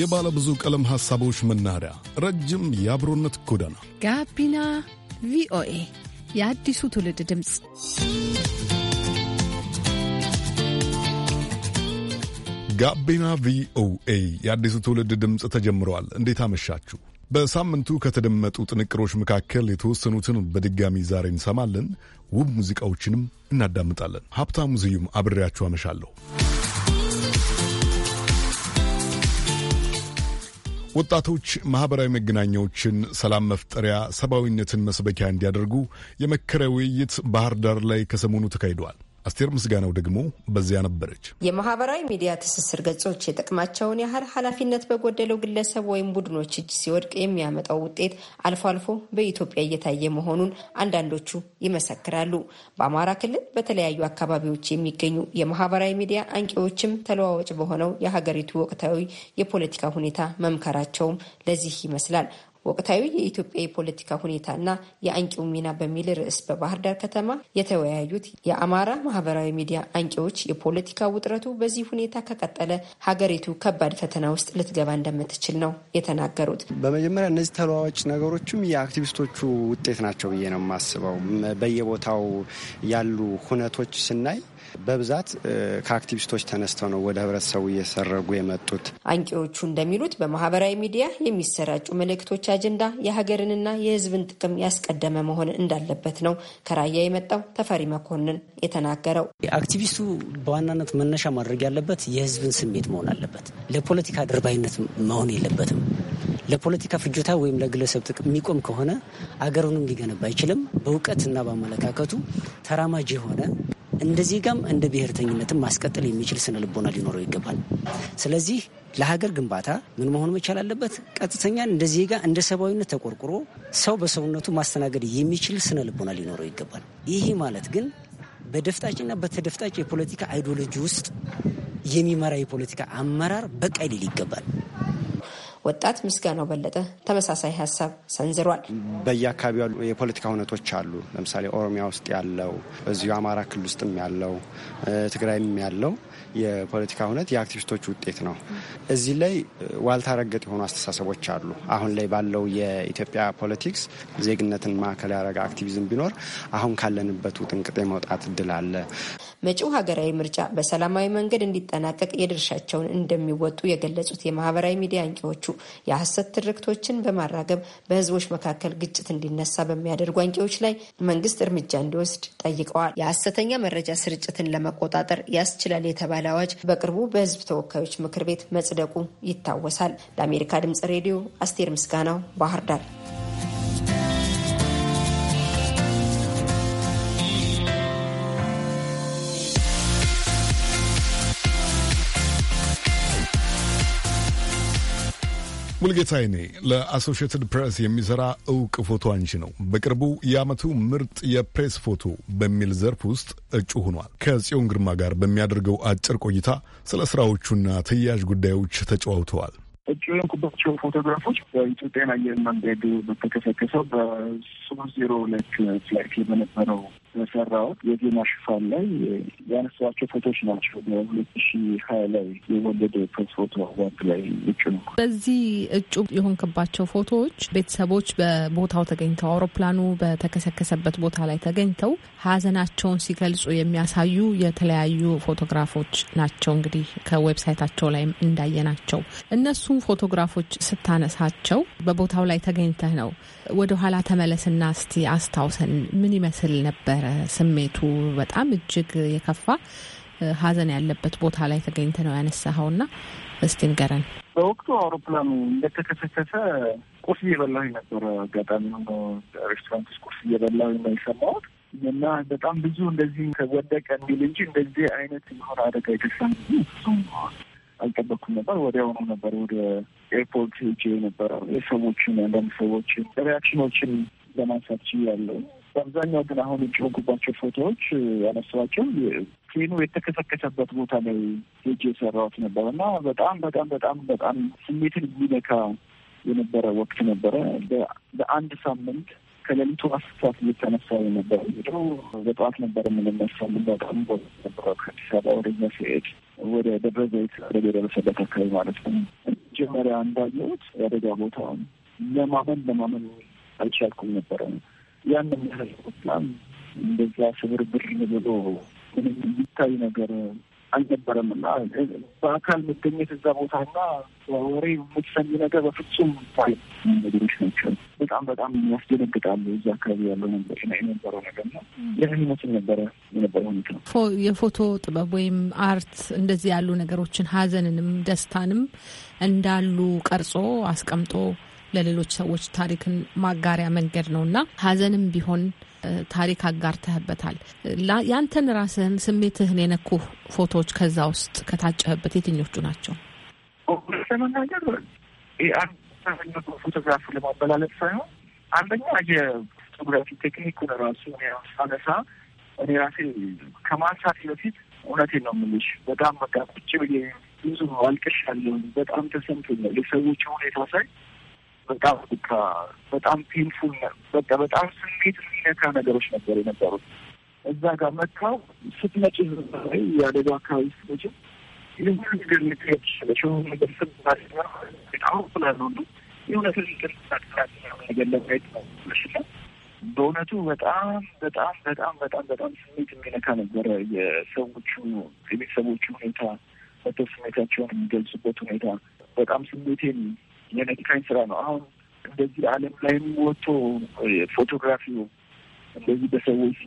የባለ ብዙ ቀለም ሐሳቦች መናኸሪያ፣ ረጅም የአብሮነት ጎዳና ጋቢና ቪኦኤ የአዲሱ ትውልድ ድምፅ። ጋቢና ቪኦኤ የአዲሱ ትውልድ ድምፅ ተጀምረዋል። እንዴት አመሻችሁ? በሳምንቱ ከተደመጡ ጥንቅሮች መካከል የተወሰኑትን በድጋሚ ዛሬ እንሰማለን። ውብ ሙዚቃዎችንም እናዳምጣለን። ሀብታሙ ዝዩም አብሬያችሁ አመሻለሁ። ወጣቶች ማኅበራዊ መገናኛዎችን ሰላም መፍጠሪያ፣ ሰብአዊነትን መስበኪያ እንዲያደርጉ የመከረ ውይይት ባህር ዳር ላይ ከሰሞኑ ተካሂደዋል። አስቴር ምስጋናው ደግሞ በዚያ ነበረች። የማህበራዊ ሚዲያ ትስስር ገጾች የጥቅማቸውን ያህል ኃላፊነት በጎደለው ግለሰብ ወይም ቡድኖች እጅ ሲወድቅ የሚያመጣው ውጤት አልፎ አልፎ በኢትዮጵያ እየታየ መሆኑን አንዳንዶቹ ይመሰክራሉ። በአማራ ክልል በተለያዩ አካባቢዎች የሚገኙ የማህበራዊ ሚዲያ አንቂዎችም ተለዋዋጭ በሆነው የሀገሪቱ ወቅታዊ የፖለቲካ ሁኔታ መምከራቸውም ለዚህ ይመስላል። ወቅታዊ የኢትዮጵያ የፖለቲካ ሁኔታና የአንቂው ሚና በሚል ርዕስ በባህር ዳር ከተማ የተወያዩት የአማራ ማህበራዊ ሚዲያ አንቂዎች የፖለቲካ ውጥረቱ በዚህ ሁኔታ ከቀጠለ ሀገሪቱ ከባድ ፈተና ውስጥ ልትገባ እንደምትችል ነው የተናገሩት። በመጀመሪያ እነዚህ ተለዋዋጭ ነገሮችም የአክቲቪስቶቹ ውጤት ናቸው ብዬ ነው የማስበው። በየቦታው ያሉ ሁነቶች ስናይ በብዛት ከአክቲቪስቶች ተነስተው ነው ወደ ህብረተሰቡ እየሰረጉ የመጡት። አንቂዎቹ እንደሚሉት በማህበራዊ ሚዲያ የሚሰራጩ መልእክቶች አጀንዳ የሀገርንና የህዝብን ጥቅም ያስቀደመ መሆን እንዳለበት ነው ከራያ የመጣው ተፈሪ መኮንን የተናገረው። አክቲቪስቱ በዋናነት መነሻ ማድረግ ያለበት የህዝብን ስሜት መሆን አለበት። ለፖለቲካ አድርባይነት መሆን የለበትም። ለፖለቲካ ፍጆታ ወይም ለግለሰብ ጥቅም የሚቆም ከሆነ አገሩንም ሊገነባ አይችልም። በእውቀትና በአመለካከቱ ተራማጅ የሆነ እንደ ዜጋም እንደ ብሔርተኝነትም ማስቀጠል የሚችል ስነ ልቦና ሊኖረው ይገባል። ስለዚህ ለሀገር ግንባታ ምን መሆን መቻል አለበት? ቀጥተኛ እንደ ዜጋ እንደ ሰብአዊነት ተቆርቁሮ ሰው በሰውነቱ ማስተናገድ የሚችል ስነ ልቦና ሊኖረው ይገባል። ይሄ ማለት ግን በደፍጣጭና በተደፍጣጭ የፖለቲካ አይዲዮሎጂ ውስጥ የሚመራ የፖለቲካ አመራር በቃ ሊል ይገባል። ወጣት ምስጋናው በለጠ ተመሳሳይ ሀሳብ ሰንዝሯል። በየአካባቢው ያሉ የፖለቲካ እውነቶች አሉ። ለምሳሌ ኦሮሚያ ውስጥ ያለው፣ እዚሁ አማራ ክልል ውስጥም ያለው፣ ትግራይም ያለው የፖለቲካ እውነት የአክቲቪስቶች ውጤት ነው። እዚህ ላይ ዋልታ ረገጥ የሆኑ አስተሳሰቦች አሉ። አሁን ላይ ባለው የኢትዮጵያ ፖለቲክስ ዜግነትን ማዕከል ያደረገ አክቲቪዝም ቢኖር አሁን ካለንበት ውጥንቅጥ የመውጣት እድል አለ። መጪው ሀገራዊ ምርጫ በሰላማዊ መንገድ እንዲጠናቀቅ የድርሻቸውን እንደሚወጡ የገለጹት የማህበራዊ ሚዲያ አንቂዎቹ የሐሰት ትርክቶችን በማራገብ በህዝቦች መካከል ግጭት እንዲነሳ በሚያደርጉ አንቂዎች ላይ መንግስት እርምጃ እንዲወስድ ጠይቀዋል። የሐሰተኛ መረጃ ስርጭትን ለመቆጣጠር ያስችላል የተባለ የሚባል አዋጅ በቅርቡ በህዝብ ተወካዮች ምክር ቤት መጽደቁ ይታወሳል። ለአሜሪካ ድምጽ ሬዲዮ አስቴር ምስጋናው ባህር ዳር ሙልጌታ ይኔ ለአሶሽትድ ፕሬስ የሚሰራ እውቅ ፎቶ አንሺ ነው። በቅርቡ የዓመቱ ምርጥ የፕሬስ ፎቶ በሚል ዘርፍ ውስጥ እጩ ሆኗል። ከጽዮን ግርማ ጋር በሚያደርገው አጭር ቆይታ ስለ ስራዎቹና ተያያዥ ጉዳዮች ተጨዋውተዋል። እጩ የሆንኩባቸው ፎቶግራፎች በኢትዮጵያን አየር መንገድ በተከሰከሰው በሶስት ዜሮ ሁለት ፍላይት በነበረው በሰራሁት የዜና ሽፋን ላይ ያነሷቸው ፎቶች ናቸው። በሁለት ሺ ሀያ ላይ የወለደ ፕሬስ ፎቶ አዋርድ ላይ እጩ ነው። በዚህ እጩ የሆንክባቸው ፎቶዎች ቤተሰቦች በቦታው ተገኝተው አውሮፕላኑ በተከሰከሰበት ቦታ ላይ ተገኝተው ሀዘናቸውን ሲገልጹ የሚያሳዩ የተለያዩ ፎቶግራፎች ናቸው። እንግዲህ ከዌብሳይታቸው ላይ እንዳየናቸው እነሱን ፎቶግራፎች ስታነሳቸው በቦታው ላይ ተገኝተህ ነው። ወደኋላ ተመለስና እስቲ አስታውሰን ምን ይመስል ነበር? ነበረ ስሜቱ በጣም እጅግ የከፋ ሀዘን ያለበት ቦታ ላይ ተገኝተ ነው ያነሳኸው እና እስቲ ንገረን። በወቅቱ አውሮፕላኑ እንደተከሰከሰ ቁርስ እየበላሁ ነበረ። አጋጣሚ ሬስቶራንት ውስጥ ቁርስ እየበላሁ ነው የሰማሁት እና በጣም ብዙ እንደዚህ ከወደቀ የሚል እንጂ እንደዚህ አይነት የሆነ አደጋ የተሳ እሱም አልጠበኩም ነበር። ወዲያውኑ ነበር ወደ ኤርፖርት ሄጄ ነበረ የሰዎችን አንዳንድ ሰዎችን ሪያክሽኖችን ለማንሳት ያለው በአብዛኛው ግን አሁን የጮህኩባቸው ፎቶዎች ያነሷቸው ፊልሙ የተከሰከሰበት ቦታ ላይ ሄጅ የሰራሁት ነበር እና በጣም በጣም በጣም በጣም ስሜትን የሚነካ የነበረ ወቅት ነበረ። በአንድ ሳምንት ከሌሊቱ አስር ሰዓት እየተነሳ ነበር። ሄዶ በጠዋት ነበር የምንነሳው። በጣም ቦ ነበረ ከአዲስ አበባ ወደኛ ሲሄድ ወደ ደብረ ዘይት አደጋ የደረሰበት አካባቢ ማለት ነው። መጀመሪያ እንዳየሁት የአደጋ ቦታውን ለማመን ለማመን አልቻልኩም ነበረ። ያን ያህል ቁጣም እንደዚያ ስብርብር ብሎ ምንም የሚታይ ነገር አልነበረም እና በአካል መገኘት እዛ ቦታ እና ወሬ የምትሰሚ ነገር በፍጹም ታይ ነገሮች ናቸው። በጣም በጣም ያስደነግጣሉ። እዛ አካባቢ ያለው የነበረው ነገር ነው። ይመስል ነበረ የነበረ ሁኔታ የፎቶ ጥበብ ወይም አርት እንደዚህ ያሉ ነገሮችን ሀዘንንም ደስታንም እንዳሉ ቀርጾ አስቀምጦ ለሌሎች ሰዎች ታሪክን ማጋሪያ መንገድ ነው እና ሀዘንም ቢሆን ታሪክ አጋርተህበታል። ያንተን ራስህን ስሜትህን የነኩ ፎቶዎች ከዛ ውስጥ ከታጨህበት የትኞቹ ናቸው? ለመናገር ፎቶግራፍ ለማበላለጥ ሳይሆን አንደኛ የፎቶግራፊ ቴክኒኩን ራሱ ሳነሳ እኔ ራሴ ከማንሳት በፊት እውነቴን ነው የምልሽ፣ በጣም በቃ ቁጭ ብዬ ብዙ አልቅሻለሁ። በጣም ተሰምቶኛል። የሰዎች ሁኔታ ሳይ በቃ በቃ በጣም ፔንፉል በቃ በጣም ስሜት የሚነካ ነገሮች ነበር የነበሩት። እዛ ጋር መካው ስትመጭ ስትመጪ የአደጋ አካባቢ ስትመጭ ይህ ሁሉ ነገር ልትችለች የሆኑ ነገር በጣም ስጣሁ ስላለሆኑ የሆነ ትልቅል ነገር ለማየት ነውሽና በእውነቱ በጣም በጣም በጣም በጣም በጣም ስሜት የሚነካ ነበረ። የሰዎቹ የቤተሰቦቹ ሁኔታ መተው ስሜታቸውን የሚገልጹበት ሁኔታ በጣም ስሜቴን የነካኝ ስራ ነው። አሁን እንደዚህ ዓለም ላይም ወጥቶ ፎቶግራፊው እንደዚህ በሰዎች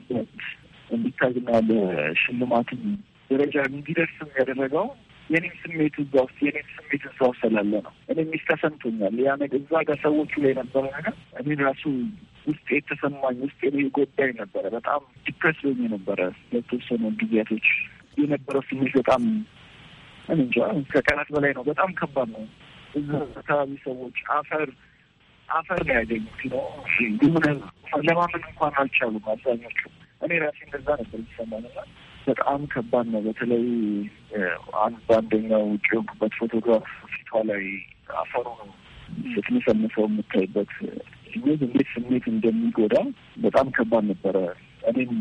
እንዲታይና ለሽልማትም ደረጃ እንዲደርስም ያደረገው የኔም ስሜት እዛ ውስጥ የኔም ስሜት እዛ ውስጥ ስላለ ነው። እኔ ሚስ ተሰምቶኛል። ያ ነገር እዛ ጋር ሰዎቹ ላይ ነበረ ነገር እኔ ራሱ ውስጤ የተሰማኝ ውስጤ ላይ ጎዳኝ ነበረ። በጣም ዲፕረስ በኝ ነበረ ለተወሰኑ ጊዜያቶች የነበረው ስሜት በጣም እንጃ ከቀናት በላይ ነው። በጣም ከባድ ነው። አካባቢ ሰዎች አፈር አፈር ነው ያገኙት ነው ለማመን እንኳን አልቻሉም አብዛኞቹ። እኔ ራሴ እንደዛ ነበር የሚሰማኝ እና በጣም ከባድ ነው። በተለይ አንድ አንደኛው ውጭ የሆንኩበት ፎቶግራፍ ፊቷ ላይ አፈሩ ነው ስትመሰምሰው የምታይበት ስሜት እንዴት ስሜት እንደሚጎዳ በጣም ከባድ ነበረ። እኔም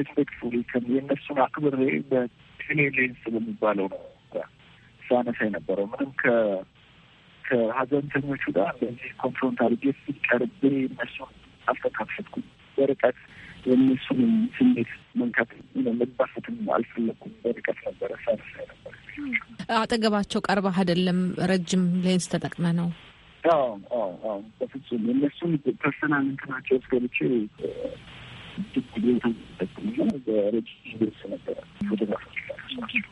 ሪስፔክትፉሊ የእነሱን አክብሬ በቴሌ ሌንስ በሚባለው ነው ሳነሳ የነበረው ምንም ከ- ከሀዘንተኞቹ ጋር በዚህ ኮንፍሮንት አድርጌ ቀርቤ እነሱን አልተካፈትኩም። በርቀት የእነሱን ስሜት መንካት መባሰትም አልፈለኩም። በርቀት ነበረ ሳርሳ ነበር። አጠገባቸው ቀርባ አይደለም፣ ረጅም ሌንስ ተጠቅመ ነው። በፍጹም የእነሱን ፐርሰናል እንትናቸው እስከልቼ ድግ ቦታ ጠቅሙ በረጅም ሌንስ ነበረ ፎቶግራፎች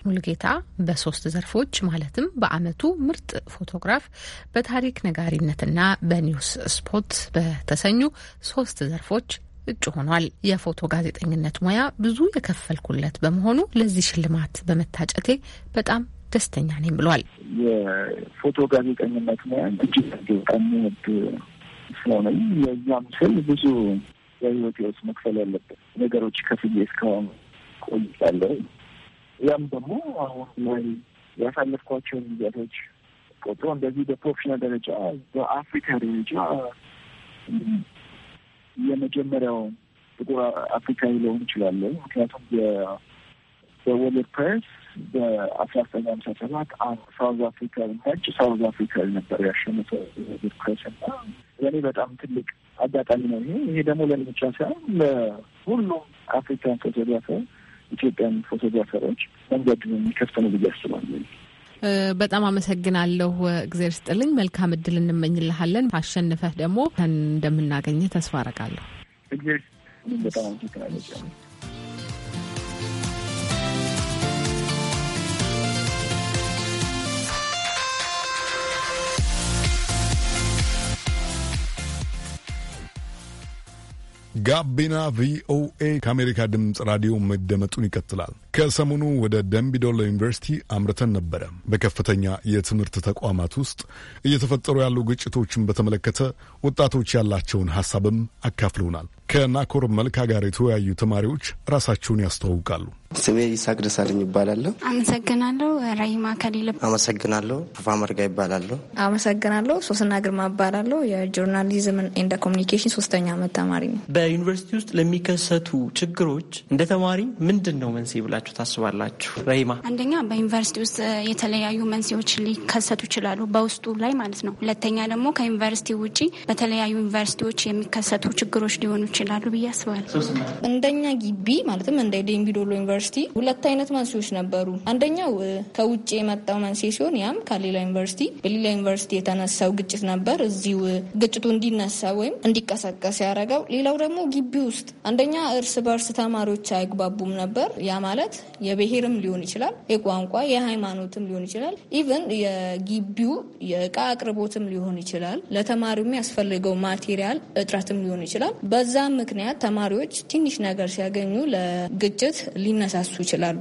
ሙልጌታ በሶስት ዘርፎች ማለትም በአመቱ ምርጥ ፎቶግራፍ፣ በታሪክ ነጋሪነትና በኒውስ ስፖት በተሰኙ ሶስት ዘርፎች እጩ ሆኗል። የፎቶ ጋዜጠኝነት ሙያ ብዙ የከፈልኩለት በመሆኑ ለዚህ ሽልማት በመታጨቴ በጣም ደስተኛ ነኝ ብሏል። የፎቶ ጋዜጠኝነት ሙያ እጅግ በጣም ወድ ስለሆነኝ ለዛም ምስል ብዙ የህይወት ውስጥ መክፈል ያለበት ነገሮች ከፍዬ እስካሁን ቆይቻለሁ። ያም ደግሞ አሁን ላይ ያሳለፍኳቸው ጊዜያቶች ቆጥሮ እንደዚህ በፕሮፌሽናል ደረጃ በአፍሪካ ደረጃ የመጀመሪያው ጥቁር አፍሪካዊ ሊሆን ይችላለ። ምክንያቱም በወርልድ ፕሬስ በአስራ ዘጠኝ ሀምሳ ሰባት አንድ ሳውዝ አፍሪካዊ ነጭ ሳውዝ አፍሪካዊ ነበር ያሸነፈው ወርልድ ፕሬስ እና ለእኔ በጣም ትልቅ አጋጣሚ ነው ይሄ። ይሄ ደግሞ ለእኔ ብቻ ሳይሆን ለሁሉም አፍሪካን ፎቶግራፈር ኢትዮጵያን ፎቶግራፈሮች መንገድ የሚከፍት ነው ብዬ አስባለሁ። በጣም አመሰግናለሁ። እግዜር ስጥልኝ። መልካም እድል እንመኝልሃለን። አሸንፈህ ደግሞ እንደምናገኘ ተስፋ አረጋለሁ። እግዜር በጣም አመሰግናለሁ። ጋቢና ቪኦኤ ከአሜሪካ ድምፅ ራዲዮ መደመጡን ይቀጥላል። ከሰሞኑ ወደ ደምቢዶሎ ዩኒቨርሲቲ አምርተን ነበረ። በከፍተኛ የትምህርት ተቋማት ውስጥ እየተፈጠሩ ያሉ ግጭቶችን በተመለከተ ወጣቶች ያላቸውን ሀሳብም አካፍለውናል። ከናኮር መልካ ጋር የተወያዩ ተማሪዎች ራሳቸውን ያስተዋውቃሉ። ስሜ ይሳቅ ደሳለኝ ይባላለሁ። አመሰግናለሁ። ራሂማ ከሊል። አመሰግናለሁ። ፋፋ መርጋ ይባላለሁ። አመሰግናለሁ። ሶስና ግርማ ይባላለሁ። የጆርናሊዝም ኤንድ ኮሚኒኬሽን ሶስተኛ ዓመት ተማሪ ነው። በዩኒቨርሲቲ ውስጥ ለሚከሰቱ ችግሮች እንደ ተማሪ ምንድን ነው መንስኤ ብላችሁ ብላችሁ ታስባላችሁ? ረሂማ፣ አንደኛ በዩኒቨርሲቲ ውስጥ የተለያዩ መንስኤዎች ሊከሰቱ ይችላሉ፣ በውስጡ ላይ ማለት ነው። ሁለተኛ ደግሞ ከዩኒቨርሲቲ ውጭ በተለያዩ ዩኒቨርሲቲዎች የሚከሰቱ ችግሮች ሊሆኑ ይችላሉ ብዬ አስባለሁ። እንደኛ ግቢ ማለትም እንደ ደምቢ ዶሎ ዩኒቨርሲቲ ሁለት አይነት መንስኤዎች ነበሩ። አንደኛው ከውጭ የመጣው መንስኤ ሲሆን ያም ከሌላ ዩኒቨርሲቲ በሌላ ዩኒቨርሲቲ የተነሳው ግጭት ነበር። እዚሁ ግጭቱ እንዲነሳ ወይም እንዲቀሰቀስ ያደረገው። ሌላው ደግሞ ግቢ ውስጥ አንደኛ እርስ በርስ ተማሪዎች አይግባቡም ነበር። ያ ማለት የብሔርም ሊሆን ይችላል፣ የቋንቋ የሃይማኖትም ሊሆን ይችላል። ኢቨን የግቢው የእቃ አቅርቦትም ሊሆን ይችላል። ለተማሪው የሚያስፈልገው ማቴሪያል እጥረትም ሊሆን ይችላል። በዛ ምክንያት ተማሪዎች ትንሽ ነገር ሲያገኙ ለግጭት ሊነሳሱ ይችላሉ።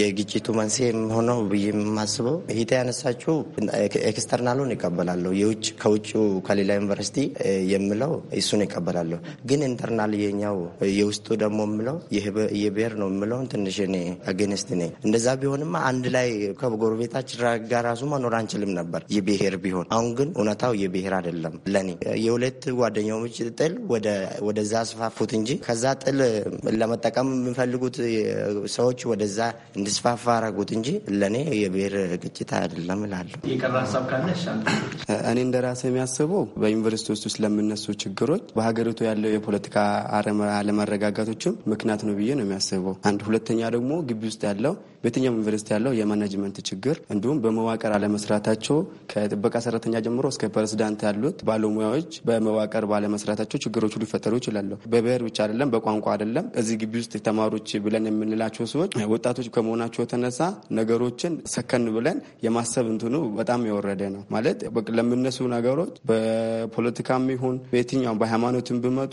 የግጭቱ መንስኤም ሆነ ብዬ የማስበው ሂታ ያነሳችው ኤክስተርናሉን ይቀበላለሁ። የውጭ ከውጭ ከሌላ ዩኒቨርሲቲ የምለው እሱን ይቀበላለሁ። ግን ኢንተርናል የኛው የውስጡ ደግሞ የምለው የብሔር ነው የምለውን ትንሽ እኔ አገንስት ነኝ። እንደዛ ቢሆንማ አንድ ላይ ከጎረቤታችን ጋር ራሱ መኖር አንችልም ነበር የብሄር ቢሆን። አሁን ግን እውነታው የብሄር አይደለም። ለኔ የሁለት ጓደኛሞች ጥል ወደዛ አስፋፉት እንጂ ከዛ ጥል ለመጠቀም የሚፈልጉት ሰዎች ወደዛ እንዲስፋፋ አረጉት እንጂ ለእኔ የብሔር ግጭት አይደለም እላለሁ። እኔ እንደ ራሴ የሚያስበው በዩኒቨርስቲዎች ውስጥ ለምነሱ ችግሮች በሀገሪቱ ያለው የፖለቲካ አለመረጋጋቶችም ምክንያት ነው ብዬ ነው የሚያስበው። አንድ ሁለተኛ ደግሞ ደግሞ ግቢ ውስጥ ያለው በየትኛውም ዩኒቨርሲቲ ያለው የማናጅመንት ችግር እንዲሁም በመዋቅር አለመስራታቸው ከጥበቃ ሰራተኛ ጀምሮ እስከ ፕሬዚዳንት ያሉት ባለሙያዎች በመዋቅር ባለመስራታቸው ችግሮቹ ሊፈጠሩ ይችላሉ። በብሔር ብቻ አይደለም፣ በቋንቋ አይደለም። እዚህ ግቢ ውስጥ ተማሪዎች ብለን የምንላቸው ሰዎች ወጣቶች ከመሆናቸው የተነሳ ነገሮችን ሰከን ብለን የማሰብ እንትኑ በጣም የወረደ ነው ማለት ለምነሱ ነገሮች በፖለቲካም ይሁን በየትኛውም በሃይማኖትን ብመጡ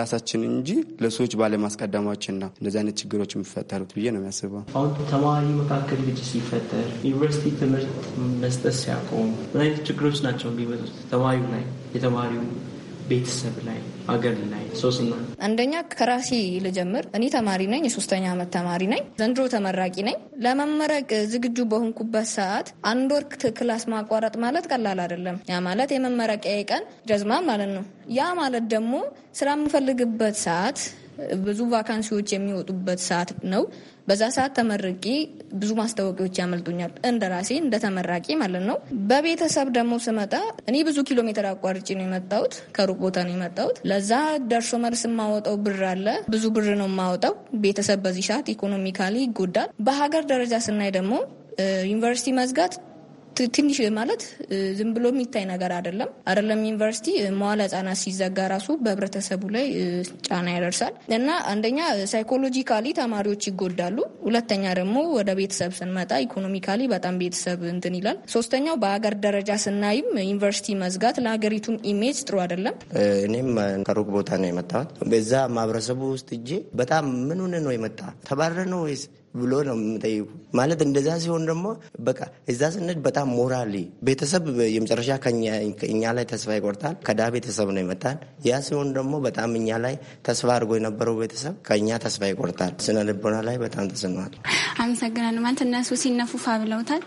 ራሳችን እንጂ ለሰዎች ባለማስቀደማችን ነው እነዚህ አይነት ችግሮች የሚፈጠሩት ብዬ ብዬ ነው የሚያስበው። አሁን ተማሪ መካከል ግጭት ሲፈጠር ዩኒቨርሲቲ ትምህርት መስጠት ሲያቆሙ ምን አይነት ችግሮች ናቸው የሚመጡት? ተማሪው ላይ የተማሪው ቤተሰብ ላይ አገር ላይ ሶስና አንደኛ ከራሴ ልጀምር። እኔ ተማሪ ነኝ፣ የሶስተኛ ዓመት ተማሪ ነኝ። ዘንድሮ ተመራቂ ነኝ። ለመመረቅ ዝግጁ በሆንኩበት ሰዓት አንድ ወር ክላስ ማቋረጥ ማለት ቀላል አይደለም። ያ ማለት የመመረቂያ ቀን ጀዝማ ማለት ነው። ያ ማለት ደግሞ ስራ የምፈልግበት ሰዓት ብዙ ቫካንሲዎች የሚወጡበት ሰዓት ነው። በዛ ሰዓት ተመርቄ ብዙ ማስታወቂያዎች ያመልጡኛል፣ እንደ ራሴ እንደ ተመራቂ ማለት ነው። በቤተሰብ ደግሞ ስመጣ እኔ ብዙ ኪሎ ሜትር አቋርጬ ነው የመጣሁት፣ ከሩቅ ቦታ ነው የመጣሁት። ለዛ ደርሶ መልስ የማወጣው ብር አለ፣ ብዙ ብር ነው የማወጣው። ቤተሰብ በዚህ ሰዓት ኢኮኖሚካሊ ይጎዳል። በሀገር ደረጃ ስናይ ደግሞ ዩኒቨርሲቲ መዝጋት ትንሽ ማለት ዝም ብሎ የሚታይ ነገር አይደለም። አይደለም ዩኒቨርሲቲ መዋለ ህጻናት ሲዘጋ ራሱ በህብረተሰቡ ላይ ጫና ያደርሳል እና አንደኛ ሳይኮሎጂካሊ ተማሪዎች ይጎዳሉ። ሁለተኛ ደግሞ ወደ ቤተሰብ ስንመጣ ኢኮኖሚካሊ በጣም ቤተሰብ እንትን ይላል። ሶስተኛው በሀገር ደረጃ ስናይም ዩኒቨርሲቲ መዝጋት ለሀገሪቱም ኢሜጅ ጥሩ አይደለም። እኔም ከሩቅ ቦታ ነው የመጣሁት። በዛ ማህበረሰቡ ውስጥ እጄ በጣም ምን ሆነ ነው የመጣ ተባረ ነው ወይስ ብሎ ነው የምጠይቁ። ማለት እንደዛ ሲሆን ደግሞ በቃ እዛ ስንሄድ በጣም ሞራሊ ቤተሰብ የመጨረሻ እኛ ላይ ተስፋ ይቆርጣል። ከዳ ቤተሰብ ነው ይመጣል። ያ ሲሆን ደግሞ በጣም እኛ ላይ ተስፋ አድርጎ የነበረው ቤተሰብ ከእኛ ተስፋ ይቆርጣል። ስነ ልቦና ላይ በጣም ተስኗል። አመሰግናለሁ። ማለት እነሱ ሲነፉፋ ብለውታል።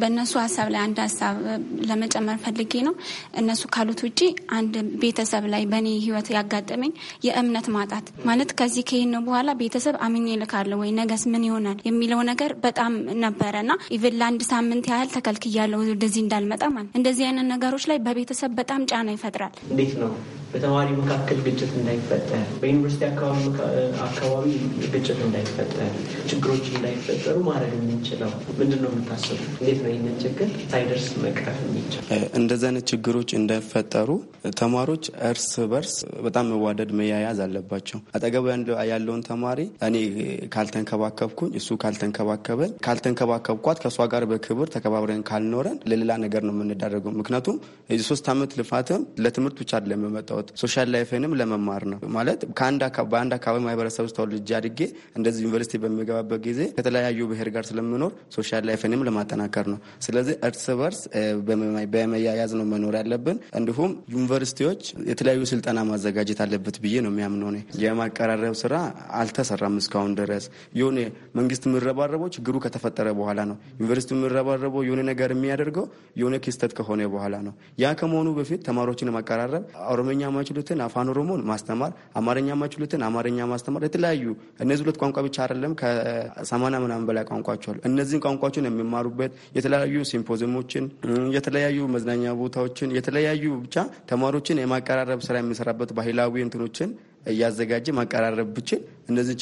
በእነሱ ሀሳብ ላይ አንድ ሀሳብ ለመጨመር ፈልጌ ነው። እነሱ ካሉት ውጭ አንድ ቤተሰብ ላይ በእኔ ህይወት ያጋጠመኝ የእምነት ማጣት ማለት ከዚህ ከሄድን በኋላ ቤተሰብ አምኜ ይልካለሁ ወይ ነገስ ምን ይሆናል ይሆናል የሚለው ነገር በጣም ነበረና ኢቨን ለአንድ ሳምንት ያህል ተከልክያለሁ ወደዚህ እንዳልመጣ ማለት እንደዚህ አይነት ነገሮች ላይ በቤተሰብ በጣም ጫና ይፈጥራል። እንዴት ነው በተማሪ መካከል ግጭት እንዳይፈጠር፣ በዩኒቨርሲቲ አካባቢ ግጭት እንዳይፈጠር፣ ችግሮች እንዳይፈጠሩ ማድረግ የምንችለው ምንድን ነው የምታስቡ? እንዴት ነው ይህንን ችግር ሳይደርስ መቅረፍ የሚችል? እንደዚህ አይነት ችግሮች እንዳይፈጠሩ ተማሪዎች እርስ በርስ በጣም መዋደድ መያያዝ አለባቸው። አጠገቡ ያለውን ተማሪ እኔ ካልተንከባከብኩኝ፣ እሱ ካልተንከባከበኝ፣ ካልተንከባከብኳት ከእሷ ጋር በክብር ተከባብረን ካልኖረን ለሌላ ነገር ነው የምንዳረገው። ምክንያቱም የዚህ ሶስት ዓመት ልፋትም ለትምህርት ብቻ አይደለም የመጣው የመጣሁት ሶሻል ላይፍንም ለመማር ነው። ማለት በአንድ አካባቢ ማህበረሰብ ውስጥ ተወልጄ አድጌ እንደዚህ ዩኒቨርሲቲ በሚገባበት ጊዜ ከተለያዩ ብሔር ጋር ስለምኖር ሶሻል ላይፍንም ለማጠናከር ነው። ስለዚህ እርስ በርስ በመያያዝ ነው መኖር ያለብን። እንዲሁም ዩኒቨርሲቲዎች የተለያዩ ስልጠና ማዘጋጀት አለበት ብዬ ነው የሚያምነው። የማቀራረብ ስራ አልተሰራም እስካሁን ድረስ። የሆነ መንግስት የሚረባረበው ችግሩ ከተፈጠረ በኋላ ነው። ዩኒቨርሲቲ የሚረባረበው የሆነ ነገር የሚያደርገው የሆነ ክስተት ከሆነ በኋላ ነው። ያ ከመሆኑ በፊት ተማሪዎችን ማቀራረብ ኦሮምኛ አማርኛ ማችሉትን አፋን ኦሮሞን ማስተማር፣ አማርኛ ማችሉትን አማርኛ ማስተማር። የተለያዩ እነዚህ ሁለት ቋንቋ ብቻ አይደለም፣ ከሰማና ምናምን በላይ ቋንቋዎች አሉ። እነዚህን ቋንቋዎችን የሚማሩበት የተለያዩ ሲምፖዚሞችን፣ የተለያዩ መዝናኛ ቦታዎችን፣ የተለያዩ ብቻ ተማሪዎችን የማቀራረብ ስራ የሚሰራበት ባህላዊ እንትኖችን እያዘጋጀ ማቀራረብ ብችል እነዚህ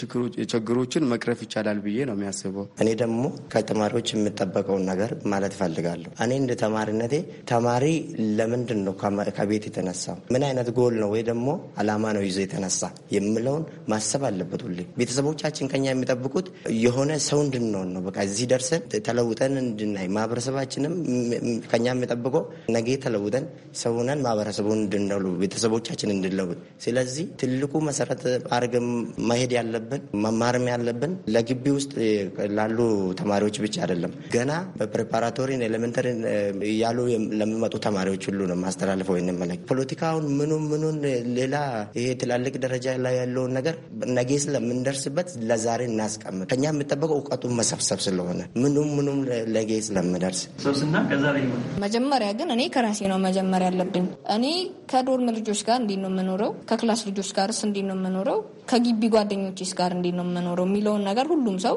ችግሮችን መቅረፍ ይቻላል ብዬ ነው የሚያስበው። እኔ ደግሞ ከተማሪዎች የምጠበቀውን ነገር ማለት ፈልጋለሁ። እኔ እንደ ተማሪነቴ ተማሪ ለምንድን ነው ከቤት የተነሳ ምን አይነት ጎል ነው ወይ ደግሞ አላማ ነው ይዞ የተነሳ የምለውን ማሰብ አለበት። ሁሌ ቤተሰቦቻችን ከኛ የሚጠብቁት የሆነ ሰው እንድንሆን ነው። በቃ እዚህ ደርሰን ተለውጠን እንድናይ ማህበረሰባችንም ከኛ የሚጠብቀው ነገ ተለውጠን ሰውነን ማህበረሰቡን እንድንሉ ቤተሰቦቻችን እንድለውጥ። ስለዚህ ትልቁ መሰረት አድርገን መሄድ ያለብን መማርም ያለብን ለግቢ ውስጥ ላሉ ተማሪዎች ብቻ አይደለም። ገና በፕሬፓራቶሪን ኤሌመንተሪ እያሉ ለሚመጡ ተማሪዎች ሁሉ ነው ማስተላልፈው ይንመለ ፖለቲካውን ምኑን ምኑን ሌላ ይሄ ትላልቅ ደረጃ ላይ ያለውን ነገር ነገ ስለምንደርስበት ለዛሬ እናስቀምጥ። ከኛ የምጠበቀው እውቀቱን መሰብሰብ ስለሆነ ምኑም ምኑም ነገ ስለምደርስ መጀመሪያ ግን እኔ ከራሴ ነው መጀመሪያ ያለብኝ። እኔ ከዶርም ልጆች ጋር እንዲነው ነው የምኖረው? ከክላስ ልጆች ጋርስ እንዲነው ነው የምኖረው? ከግቢ ጓደኞችስ ጋር እንዴት ነው የምኖረው የሚለውን ነገር ሁሉም ሰው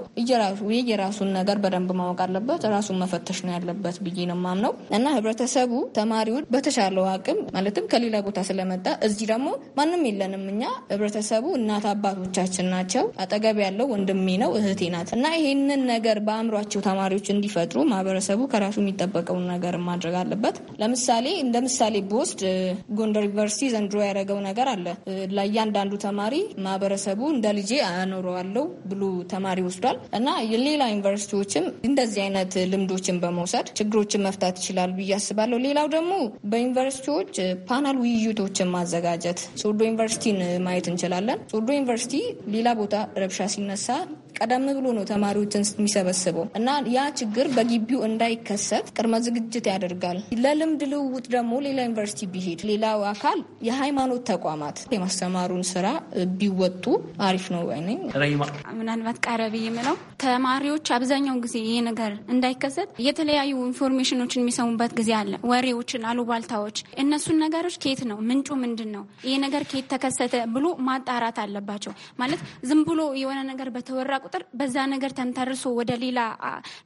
የራሱን ነገር በደንብ ማወቅ አለበት፣ ራሱን መፈተሽ ነው ያለበት ብዬ ነው ማምነው እና ህብረተሰቡ ተማሪውን በተሻለው አቅም ማለትም ከሌላ ቦታ ስለመጣ እዚህ ደግሞ ማንም የለንም እኛ ህብረተሰቡ እናት አባቶቻችን ናቸው። አጠገብ ያለው ወንድሜ ነው እህቴ ናት እና ይሄንን ነገር በአእምሯቸው ተማሪዎች እንዲፈጥሩ ማህበረሰቡ ከራሱ የሚጠበቀውን ነገር ማድረግ አለበት። ለምሳሌ እንደ ምሳሌ ብወስድ ጎንደር ዩኒቨርሲቲ ዘንድሮ ያደረገው ነገር አለ ለእያንዳንዱ ተማሪ ማህበረሰቡ እንደ ልጄ አኖረዋለሁ ብሎ ተማሪ ወስዷል እና ሌላ ዩኒቨርሲቲዎችም እንደዚህ አይነት ልምዶችን በመውሰድ ችግሮችን መፍታት ይችላል ብዬ አስባለሁ። ሌላው ደግሞ በዩኒቨርሲቲዎች ፓናል ውይይቶችን ማዘጋጀት ሶዶ ዩኒቨርሲቲን ማየት እንችላለን። ሶዶ ዩኒቨርሲቲ ሌላ ቦታ ረብሻ ሲነሳ ቀደም ብሎ ነው ተማሪዎችን የሚሰበስበው እና ያ ችግር በግቢው እንዳይከሰት ቅድመ ዝግጅት ያደርጋል። ለልምድ ልውውጥ ደግሞ ሌላ ዩኒቨርሲቲ ቢሄድ፣ ሌላው አካል የሃይማኖት ተቋማት የማስተማሩን ስራ ቢወጡ አሪፍ ነው። ወይ ምናልባት ቀረብ የምለው ተማሪዎች አብዛኛውን ጊዜ ይህ ነገር እንዳይከሰት የተለያዩ ኢንፎርሜሽኖችን የሚሰሙበት ጊዜ አለ። ወሬዎችን፣ አሉባልታዎች፣ እነሱን ነገሮች ኬት ነው ምንጩ ምንድን ነው ይህ ነገር ኬት ተከሰተ ብሎ ማጣራት አለባቸው። ማለት ዝም ብሎ የሆነ ነገር በተወራ ቁጥር በዛ ነገር ተንተርሶ ወደ ሌላ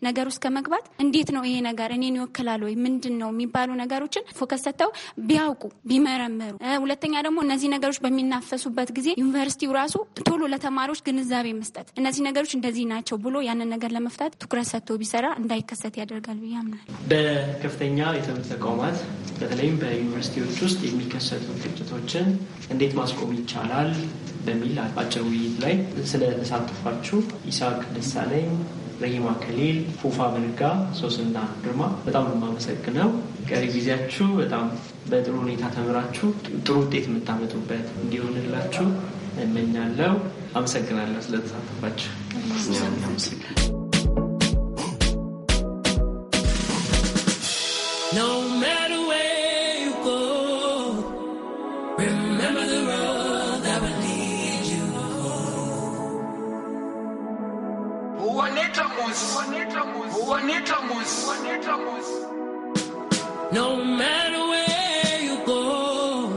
ነገር ውስጥ ከመግባት እንዴት ነው ይሄ ነገር እኔን ይወክላል ወይ ምንድን ነው የሚባሉ ነገሮችን ፎከስ ሰጥተው ቢያውቁ ቢመረምሩ፣ ሁለተኛ ደግሞ እነዚህ ነገሮች በሚናፈሱበት ጊዜ ዩኒቨርሲቲው ራሱ ቶሎ ለተማሪዎች ግንዛቤ መስጠት እነዚህ ነገሮች እንደዚህ ናቸው ብሎ ያንን ነገር ለመፍታት ትኩረት ሰጥቶ ቢሰራ እንዳይከሰት ያደርጋል ብዬ አምናለሁ። በከፍተኛ የትምህርት ተቋማት በተለይም በዩኒቨርሲቲዎች ውስጥ የሚከሰቱ ግጭቶችን እንዴት ማስቆም ይቻላል? በሚል አጭር ውይይት ላይ ስለተሳተፋችሁ ኢሳቅ ደሳለኝ፣ ረሂማ ከሊል፣ ፉፋ ምርጋ ሶስና ግርማ በጣም የማመሰግነው። ቀሪ ጊዜያችሁ በጣም በጥሩ ሁኔታ ተምራችሁ ጥሩ ውጤት የምታመጡበት እንዲሆንላችሁ እመኛለሁ። አመሰግናለሁ ስለተሳተፋችሁ። No matter where you go,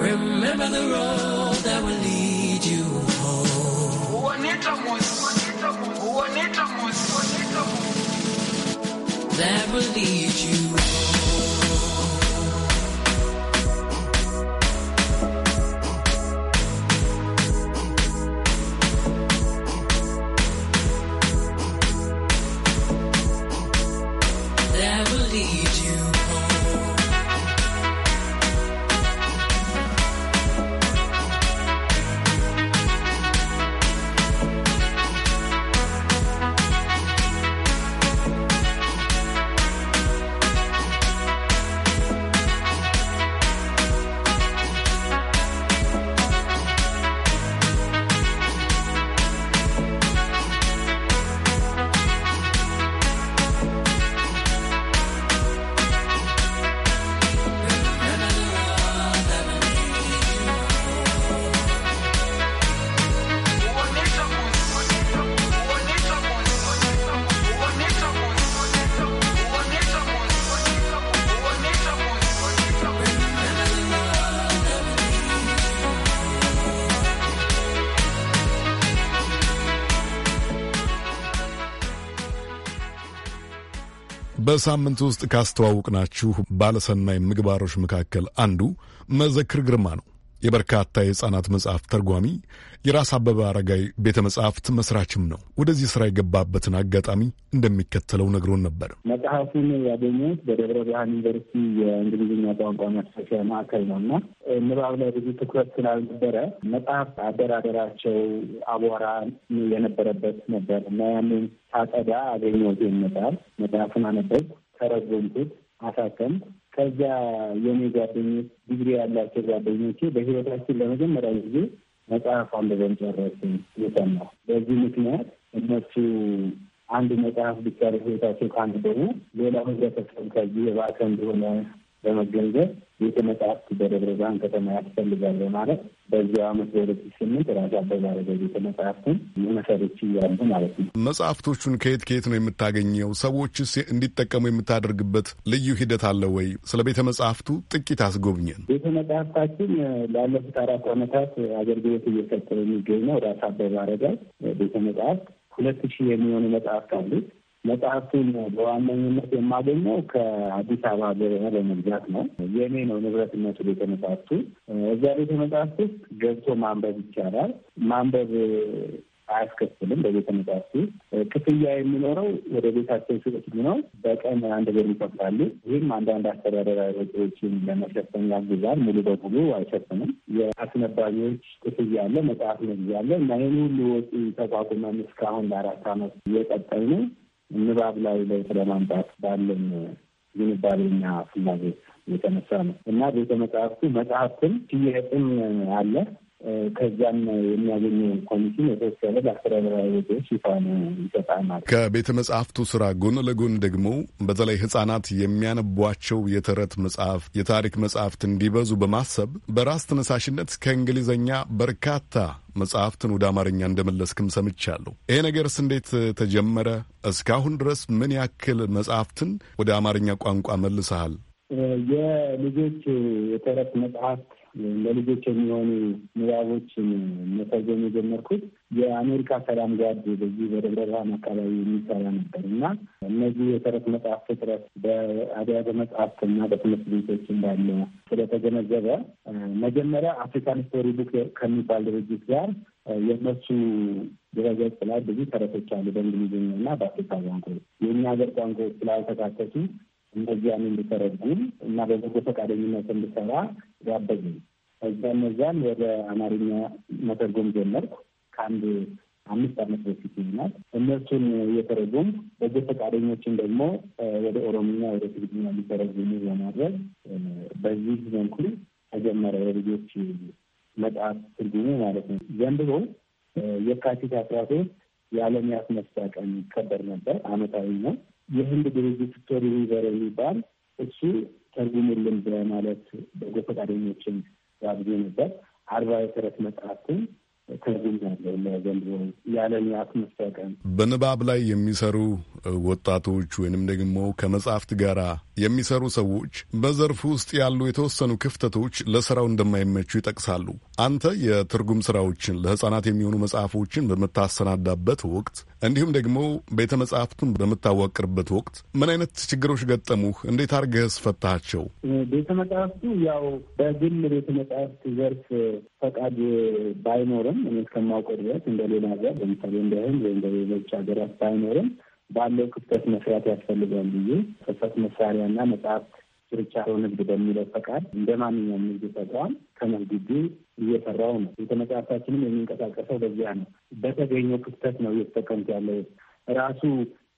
remember the road that will lead you home. That will lead you home. በሳምንት ውስጥ ካስተዋውቅናችሁ ባለሰናይ ምግባሮች መካከል አንዱ መዘክር ግርማ ነው። የበርካታ የሕፃናት መጽሐፍ ተርጓሚ፣ የራስ አበበ አረጋይ ቤተ መጽሐፍት መስራችም ነው። ወደዚህ ስራ የገባበትን አጋጣሚ እንደሚከተለው ነግሮን ነበር። መጽሐፉን ያገኘሁት በደብረ ብርሃን ዩኒቨርሲቲ የእንግሊዝኛ ቋንቋ ማስፈሻ ማዕከል ነው እና ንባብ ላይ ብዙ ትኩረት ስላልነበረ መጽሐፍ አደራደራቸው አቧራ የነበረበት ነበር እና ያንን ሳጸዳ አገኘሁት። ይመጣል መጽሐፉን አነበብኩ፣ ተረጎምኩት፣ አሳተምኩ። ከዚያ የኔ ጓደኞች ዲግሪ ያላቸው ጓደኞቼ በህይወታችን ለመጀመሪያ ጊዜ መጽሐፍ አንብበን ጨረስን የሰማሁ። በዚህ ምክንያት እነሱ አንድ መጽሐፍ ብቻ በህይወታቸው ካንብበቡ ሌላ ህብረተሰብ ከዚህ የባሰ እንደሆነ በመገንዘብ ቤተ መጽሐፍት በደብረ ብርሃን ከተማ ያስፈልጋል በማለት በዚህ ዓመት በሁለት ሺህ ስምንት ራስ አበበ አረጋይ ቤተ መጽሐፍትን መሰረች እያሉ ማለት ነው። መጽሐፍቶቹን ከየት ከየት ነው የምታገኘው? ሰዎችስ እንዲጠቀሙ የምታደርግበት ልዩ ሂደት አለ ወይ? ስለ ቤተ መጽሐፍቱ ጥቂት አስጎብኘን። ቤተ መጽሐፍታችን ላለፉት አራት ዓመታት አገልግሎት እየሰጠ የሚገኘው ራስ አበበ አረጋይ ቤተ መጽሐፍት ሁለት ሺህ የሚሆኑ መጽሐፍት አሉት። መጽሐፍቱን በዋነኝነት የማገኘው ከአዲስ አበባ ገበያ ለመግዛት ነው። የእኔ ነው ንብረትነቱ ቤተ መጽሐፍቱ። እዚያ ቤተ መጽሐፍት ውስጥ ገብቶ ማንበብ ይቻላል። ማንበብ አያስከፍልም። በቤተ መጽሐፍቱ ክፍያ የሚኖረው ወደ ቤታቸው ሲወስዱ ነው። በቀን አንድ ብር ይከፍላሉ። ይህም አንዳንድ አስተዳደራዊ ወጪዎችን ለመሸፈን ያግዛል። ሙሉ በሙሉ አይሸፍንም። የአስነባቢዎች ክፍያ አለ፣ መጽሐፍ መግዣ አለ እና ይህን ሁሉ ወጪ ተቋቁመን እስካሁን ለአራት ዓመት እየቀጠል ነው። ንባብ ላይ ለውጥ ለማምጣት ባለን ዝንባሌና ፍላጎት የተነሳ ነው እና ቤተ መጽሐፍቱ መጽሐፍትን ሽያጭም አለ ከዚያም የሚያገኘውን ኮሚሽን የተወሰነ በአስተዳደራዊ ወጪዎች ሽፋን ይሰጣል ማለት ነው። ከቤተ መጽሐፍቱ ስራ ጎን ለጎን ደግሞ በተለይ ህጻናት የሚያነቧቸው የተረት መጽሐፍ፣ የታሪክ መጽሐፍት እንዲበዙ በማሰብ በራስ ተነሳሽነት ከእንግሊዘኛ በርካታ መጽሐፍትን ወደ አማርኛ እንደመለስክም ሰምቻለሁ። ይሄ ነገርስ እንዴት ተጀመረ? እስካሁን ድረስ ምን ያክል መጽሐፍትን ወደ አማርኛ ቋንቋ መልሰሃል? የልጆች የተረት መጽሐፍት ለልጆች የሚሆኑ ንባቦችን መተርጎም የጀመርኩት የአሜሪካ ሰላም ጓድ በዚህ በደብረ ብርሃን አካባቢ የሚሰራ ነበር እና እነዚህ የተረት መጽሐፍ እጥረት በአብያተ እና በትምህርት ቤቶች እንዳለ ስለተገነዘበ መጀመሪያ አፍሪካን ስቶሪ ቡክ ከሚባል ድርጅት ጋር የእነሱ ድረገጽ ላይ ብዙ ተረቶች አሉ በእንግሊዝኛ እና በአፍሪካ ቋንቋ የእኛ ሀገር ቋንቋዎች ስላልተካተቱ እነዚያን እንዲተረጉም እና በበጎ ፈቃደኝነት እንድሰራ ጋበዙኝ። ከዛ እነዚያን ወደ አማርኛ መተርጎም ጀመርኩ። ከአንድ አምስት ዓመት በፊት ይሆናል። እነሱን እየተረጉም በጎ ፈቃደኞችን ደግሞ ወደ ኦሮምኛ፣ ወደ ትግርኛ እንዲተረጉሙ በማድረግ በዚህ መልኩ ተጀመረ። የልጆች መጽሐፍ ትርጉሙ ማለት ነው። ዘንድሮ የካቲት አስራ ሶስት የዓለም የአፍ መፍቻ ቀን ይከበር ነበር። አመታዊ ነው። የህንድ ድርጅት ቶሪ ዊቨር የሚባል እሱ ተርጉሙልን በማለት በጎ ፈቃደኞችን ያብዙ ነበር። አርባ የተረት መጽሐፍትን ተርጉም ያለው ለዘንድሮ የዓለም የአፍ በንባብ ላይ የሚሰሩ ወጣቶች ወይንም ደግሞ ከመጽሐፍት ጋር የሚሰሩ ሰዎች በዘርፉ ውስጥ ያሉ የተወሰኑ ክፍተቶች ለስራው እንደማይመቹ ይጠቅሳሉ። አንተ የትርጉም ስራዎችን ለህጻናት የሚሆኑ መጽሐፎችን በምታሰናዳበት ወቅት እንዲሁም ደግሞ ቤተ መጽሐፍቱን በምታዋቅርበት ወቅት ምን አይነት ችግሮች ገጠሙህ? እንዴት አድርገህስ ፈታቸው ቤተ መጽሐፍቱ ያው በግል ቤተ መጽሐፍት ዘርፍ ፈቃድ ባይኖርም እኔ እስከማውቀው ድረስ ሀገር ለምሳሌ እንደ ህንድ ወይም በሌሎች ሀገራት ባይኖርም ባለው ክፍተት መስራት ያስፈልጋል ብዬ ጽህፈት መሳሪያና መጽሐፍት ችርቻሮ ንግድ በሚለው ፈቃድ እንደ ማንኛውም ንግድ ተቋም ከመንግዱ እየሰራው ነው። ቤተመጽሐፍታችንም የሚንቀሳቀሰው በዚያ ነው። በተገኘው ክፍተት ነው እየተጠቀምት ያለው። ራሱ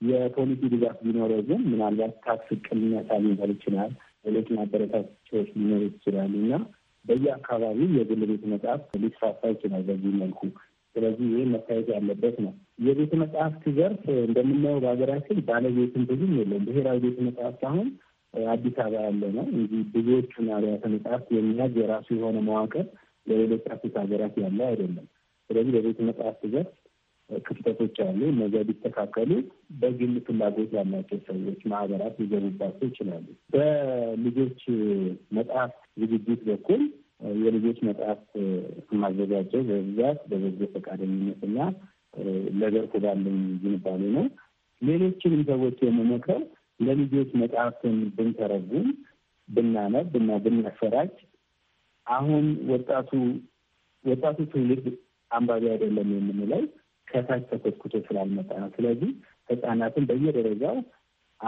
የፖሊሲ ድጋፍ ቢኖረው ግን ምናልባት ታክስ ቅል ሊኖር ይችላል። ሌሎች ማበረታቻዎች ሊኖሩ ይችላሉ እና በየአካባቢው የግል ቤተ መጽሐፍት ሊስፋፋ ይችላል በዚህ መልኩ ስለዚህ ይህ መታየት ያለበት ነው። የቤተ መጽሐፍት ዘርፍ እንደምናየው በሀገራችን ባለቤትም ብዙም የለውም። ብሔራዊ ቤተ መጽሐፍት አሁን አዲስ አበባ ያለ ነው እንጂ ብዙዎቹን አብያተ መጽሐፍት የሚያዝ የራሱ የሆነ መዋቅር ለሌሎች አፍሪካ ሀገራት ያለ አይደለም። ስለዚህ በቤተ መጽሐፍት ዘርፍ ክፍተቶች አሉ። እነዚያ ቢስተካከሉ በግል ፍላጎት ያላቸው ሰዎች፣ ማህበራት ሊገቡባቸው ይችላሉ። በልጆች መጽሐፍ ዝግጅት በኩል የልጆች መጽሐፍ ማዘጋጀው በብዛት በበጎ ፈቃደኝነትና ለዘርፉ ባለኝ ዝንባሌ ነው። ሌሎችንም ሰዎች የምመክረው ለልጆች መጽሐፍትን ብንተረጉም፣ ብናነብ እና ብናሰራጭ አሁን ወጣቱ ወጣቱ ትውልድ አንባቢ አይደለም የምንለው ከታች ተኮትኩቶ ስላልመጣ ነው። ስለዚህ ህጻናትን በየደረጃው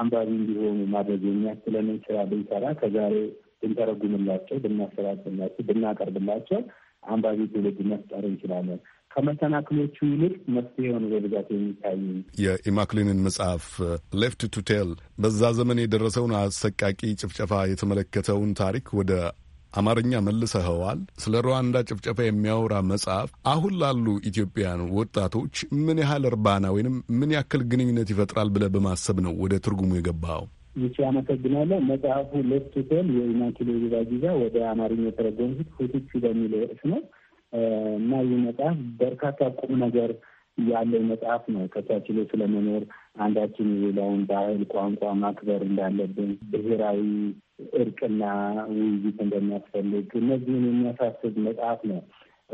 አንባቢ እንዲሆኑ ማድረግ የሚያስችለንን ስራ ብንሰራ ከዛሬ ብንተረጉምላቸው፣ ብናሰባስብላቸው፣ ብናቀርብላቸው አንባቢ ትውልድ መፍጠር እንችላለን። ከመሰናክሎቹ ይልቅ መፍትሄ የሆኑ በብዛት የሚታዩ የኢማክሊንን መጽሐፍ ሌፍት ቱ ቴል በዛ ዘመን የደረሰውን አሰቃቂ ጭፍጨፋ የተመለከተውን ታሪክ ወደ አማርኛ መልሰኸዋል። ስለ ሩዋንዳ ጭፍጨፋ የሚያወራ መጽሐፍ አሁን ላሉ ኢትዮጵያውያን ወጣቶች ምን ያህል እርባና ወይንም ምን ያክል ግንኙነት ይፈጥራል ብለህ በማሰብ ነው ወደ ትርጉሙ የገባኸው? ይቺ አመሰግናለሁ። መጽሐፉ ሌፍት የኢማኪሌ የኢናኪሌ ቢባጊዛ ወደ አማርኛ የተረጎምኩት ፉትቹ በሚል ርዕስ ነው እና ይህ መጽሐፍ በርካታ ቁም ነገር ያለው መጽሐፍ ነው። ከቻችሎ ስለመኖር አንዳችን የሌላውን ባህል፣ ቋንቋ ማክበር እንዳለብን፣ ብሔራዊ እርቅና ውይይት እንደሚያስፈልግ እነዚህን የሚያሳስብ መጽሐፍ ነው።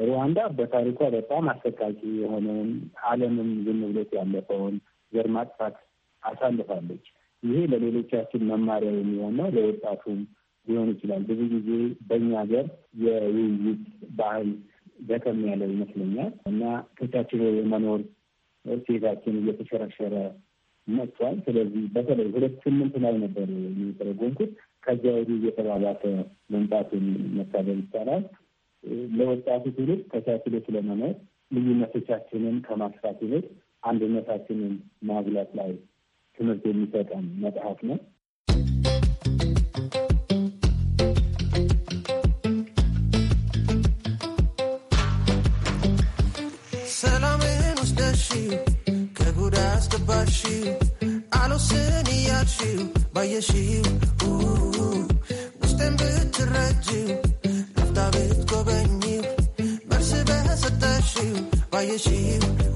ሩዋንዳ በታሪኳ በጣም አሰቃቂ የሆነውን ዓለምም ዝም ብሎት ያለፈውን ዘር ማጥፋት አሳልፋለች። ይሄ ለሌሎቻችን መማሪያ የሚሆን ነው። ለወጣቱም ሊሆን ይችላል። ብዙ ጊዜ በእኛ ሀገር የውይይት ባህል ደከም ያለ ይመስለኛል እና ከቻችን የመኖር ሴታችን እየተሸረሸረ መጥቷል። ስለዚህ በተለይ ሁለት ስምንት ላይ ነበር የሚተረጎምኩት ከዚያ ወዲህ እየተባባሰ መምጣቱን መታደል ይቻላል። ለወጣቱ ትውልድ ተቻችሎ ስለመኖር ልዩነቶቻችንን ከማስፋት ይልቅ አንድነታችንን ማጉላት ላይ ትምህርት የሚሰጠን መጽሐፍ ነው። ሰላምን ወስደሽው ከጉዳ አስገባሽው አልወስን እያልሽው ባየሽው ውስጤን ብትረጅው ለፍታ ብትጎበኝው መልስ በሰጠሽው ባየሽው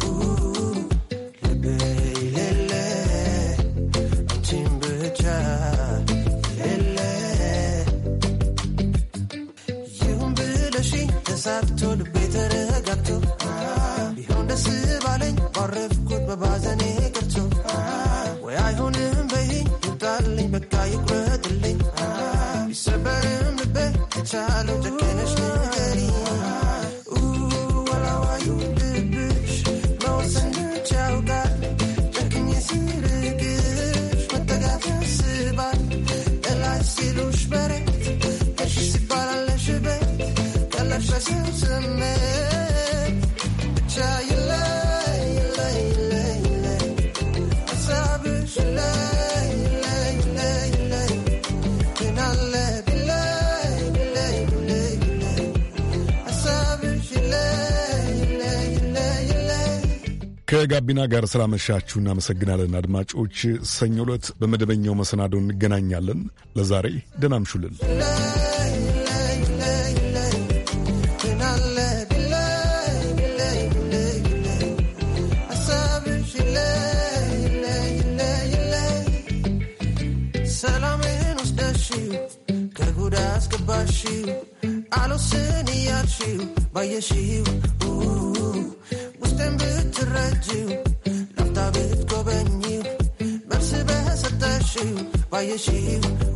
ከጋቢና ጋር ስላመሻችሁ እናመሰግናለን አድማጮች። ሰኞ ዕለት በመደበኛው መሰናዶ እንገናኛለን። ለዛሬ ደህና አምሹልን። ሰላሜን ወስደሽው ከጉዳ አስገባሽው አሎስን እያልሽው ባየሽው ተነስተን ብትረጂው ናፍታ ብትጎበኚው በብስ በሰጠሽው ባየሺው